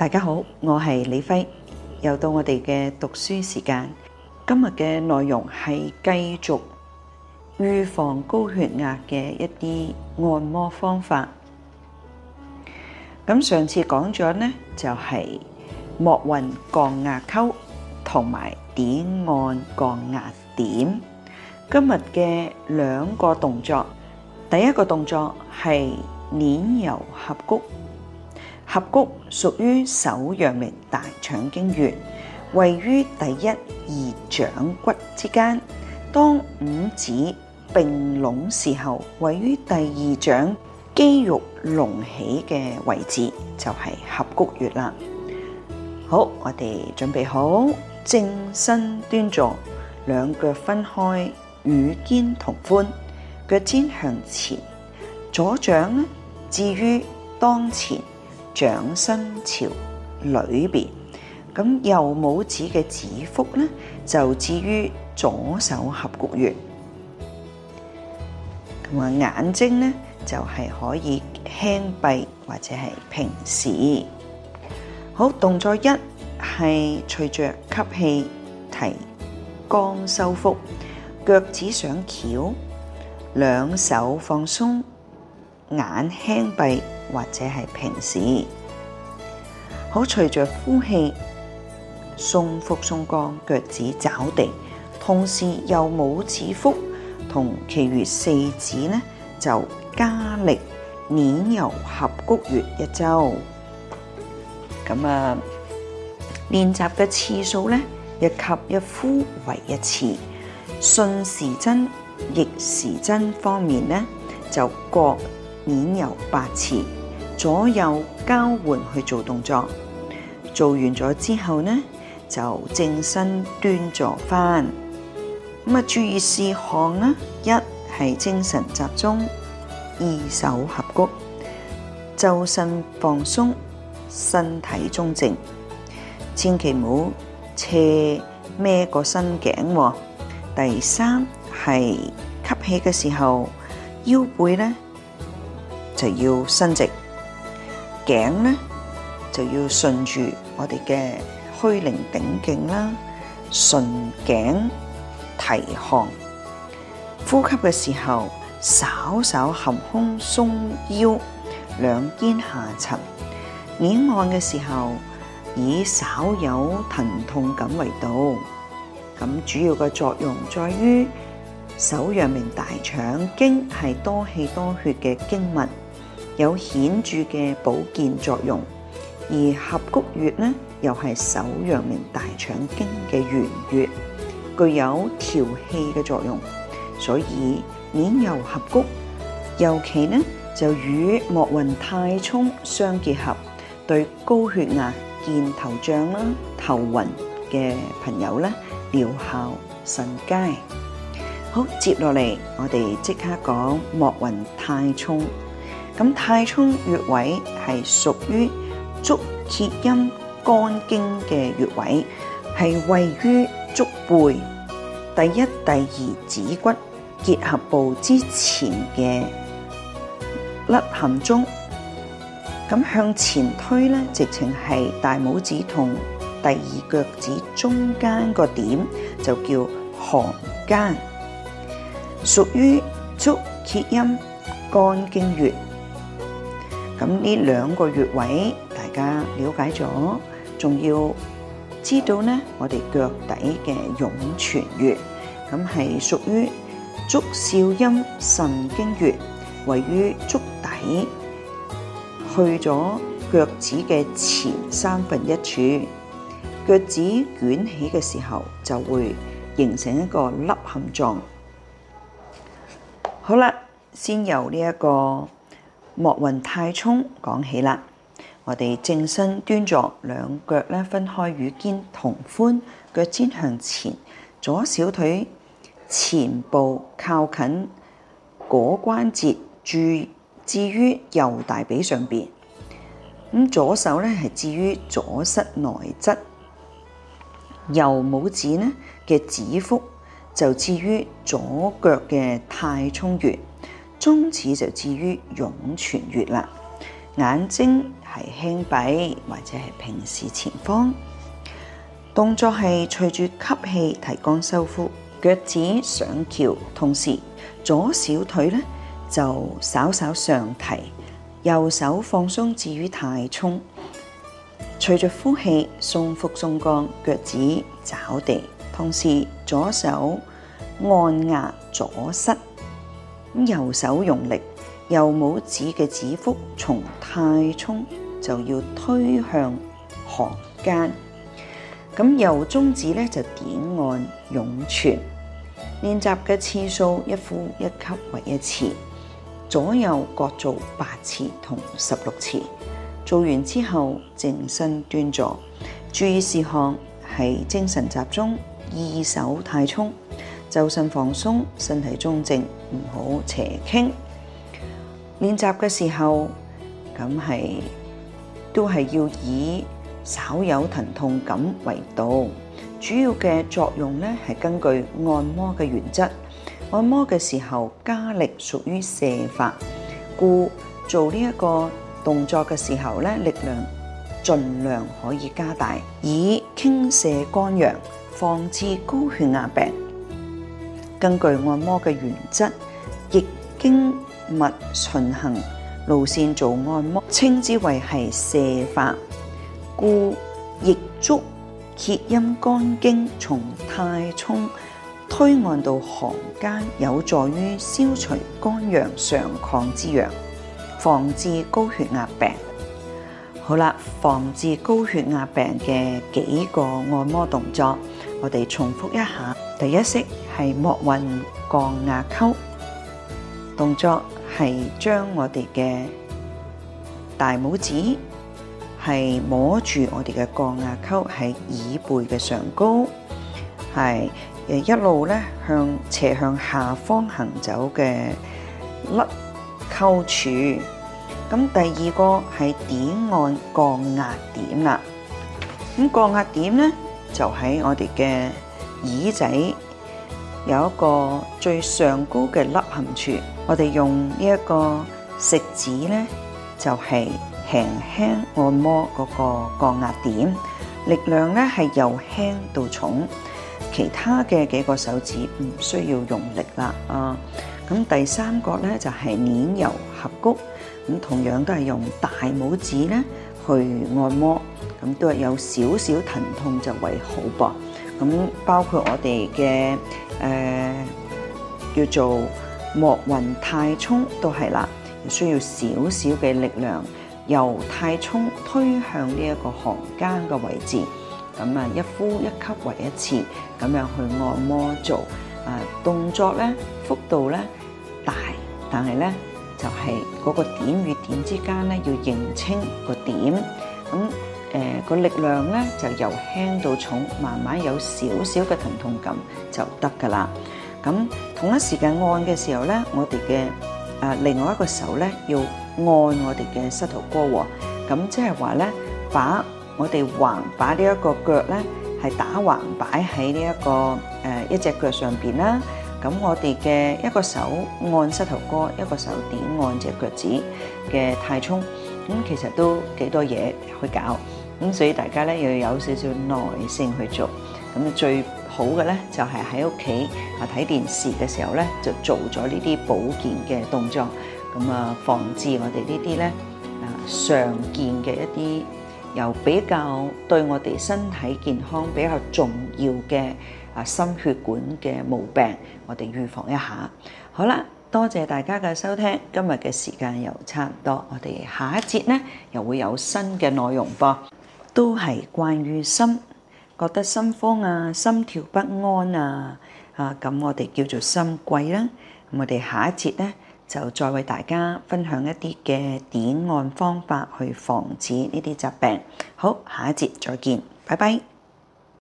大家好，我係李輝，又到我哋嘅讀書時間。今日嘅內容係繼續預防高血壓嘅一啲按摩方法。咁上次講咗呢，就係莫運降壓溝同埋點按降壓點。今日嘅兩個動作，第一個動作係捻揉合谷。合谷屬於手陽明大腸經穴，位於第一二掌骨之間。當五指併攏時候，位於第二掌肌肉隆起嘅位置就係、是、合谷穴啦。好，我哋準備好，正身端坐，兩腳分開，與肩同寬，腳尖向前，左掌至置於當前。掌心朝裏邊，咁右拇指嘅指腹咧就置於左手合谷穴。咁啊，眼睛咧就係、是、可以輕閉或者係平視。好，動作一係隨着吸氣提肛收腹，腳趾上翹，兩手放鬆，眼輕閉。或者係平時好，可隨着呼氣鬆腹鬆降腳趾找地，同時右拇指腹同其餘四指呢就加力捻揉合谷穴一周。咁啊，練習嘅次數呢，一吸一呼為一次，順時針逆時針方面呢，就各捻揉八次。左右交換去做動作，做完咗之後呢，就正身端坐翻。咁啊，注意事項啦：一係精神集中，二手合谷，周身放鬆，身體中正。千祈唔好斜孭個身頸喎。第三係吸氣嘅時候，腰背咧就要伸直。頸咧就要順住我哋嘅虛靈頂勁啦，順頸提項，呼吸嘅時候稍稍含胸鬆腰，兩肩下沉。捏按嘅時候以稍有疼痛感為度，咁主要嘅作用在於手陽明大腸經係多氣多血嘅經脈。有顯著嘅保健作用，而合谷穴呢又係手陽明大腸經嘅原穴，具有調氣嘅作用。所以捻揉合谷，尤其呢就與捻揉太沖相結合，對高血壓、健頭脹啦、頭暈嘅朋友呢，療效甚佳。好，接落嚟我哋即刻講捻揉太沖。咁太沖穴位係屬於足厥陰肝經嘅穴位，係位於足背第一、第二趾骨結合部之前嘅凹陷中。咁向前推咧，直情係大拇指同第二腳趾中間個點，就叫行間，屬於足厥陰肝經穴。咁呢兩個穴位，大家瞭解咗，仲要知道呢，我哋腳底嘅湧泉穴，咁係屬於足少陰腎經穴，位於足底，去咗腳趾嘅前三分一處，腳趾捲起嘅時候就會形成一個凹陷狀。好啦，先由呢一個。莫雲太沖講起啦，我哋正身端坐，兩腳咧分開與肩同寬，腳尖向前，左小腿前部靠近踝關節，注置於右大髀上邊。咁左手咧係置於左膝內側，右拇指咧嘅指腹就置於左腳嘅太沖穴。中指就置於湧泉穴啦，眼睛係輕閉或者係平視前方，動作係隨住吸氣提肛收腹，腳趾上翹，同時左小腿咧就稍稍上提，右手放鬆置於太沖，隨着呼氣鬆腹鬆肛，腳趾找地，同時左手按壓左膝。咁右手用力，右拇指嘅指腹從太沖就要推向行間，咁右中指咧就點按湧泉。練習嘅次數一呼一吸為一次，左右各做八次同十六次。做完之後，靜身端坐，注意事項係精神集中，二手太沖。周身放鬆，身體中正，唔好斜傾。練習嘅時候，咁係都係要以稍有疼痛感為度。主要嘅作用咧，係根據按摩嘅原則，按摩嘅時候加力屬於瀉法，故做呢一個動作嘅時候咧，力量盡量可以加大，以傾瀉肝陽，防治高血壓病。根據按摩嘅原則，逆經脈循行路線做按摩，稱之為係瀉法。故逆足厥陰肝經從太沖推按到行間，有助於消除肝陽上亢之陽，防治高血壓病。好啦，防治高血壓病嘅幾個按摩動作。我哋重複一下，第一式係莫運降壓溝動作，係將我哋嘅大拇指係摸住我哋嘅降壓溝喺耳背嘅上高，係誒一路咧向斜向下方行走嘅凹溝處。咁第二個係點按降壓點啦。咁降壓點咧？就喺我哋嘅耳仔有一個最上高嘅凹陷處，我哋用呢一個食指咧，就係輕輕按摩嗰個降壓點，力量咧係由輕到重。其他嘅幾個手指唔需要用力啦，啊，咁第三個咧就係捻揉合谷，咁同樣都係用大拇指咧去按摩。咁都係有少少疼痛就為好噃。咁包括我哋嘅誒叫做莫雲太沖都係啦，需要少少嘅力量由太沖推向呢一個行間嘅位置。咁啊，一呼一吸為一次，咁樣去按摩做。啊、呃，動作咧幅度咧大，但係咧就係、是、嗰個點與點之間咧要認清嗰個點。咁誒個力量咧，就由輕到重，慢慢有少少嘅疼痛感就得㗎啦。咁同一時間按嘅時候咧，我哋嘅誒另外一個手咧，要按我哋嘅膝頭哥喎。咁即係話咧，把我哋橫把呢一個腳咧，係打橫擺喺呢一個誒一隻腳上邊啦。咁我哋嘅一個手按膝頭哥，一個手點按隻腳趾嘅太沖。咁其實都幾多嘢去搞。咁所以大家咧，要有少少耐性去做，咁最好嘅咧就係喺屋企啊睇電視嘅時候咧就做咗呢啲保健嘅動作，咁啊防止我哋呢啲咧啊常見嘅一啲又比較對我哋身體健康比較重要嘅啊心血管嘅毛病，我哋預防一下。好啦，多謝大家嘅收聽，今日嘅時間又差唔多，我哋下一節咧又會有新嘅內容噃。都係關於心，覺得心慌啊、心跳不安啊，啊咁我哋叫做心悸啦。咁我哋下一節咧就再為大家分享一啲嘅點按方法去防止呢啲疾病。好，下一節再見，拜拜。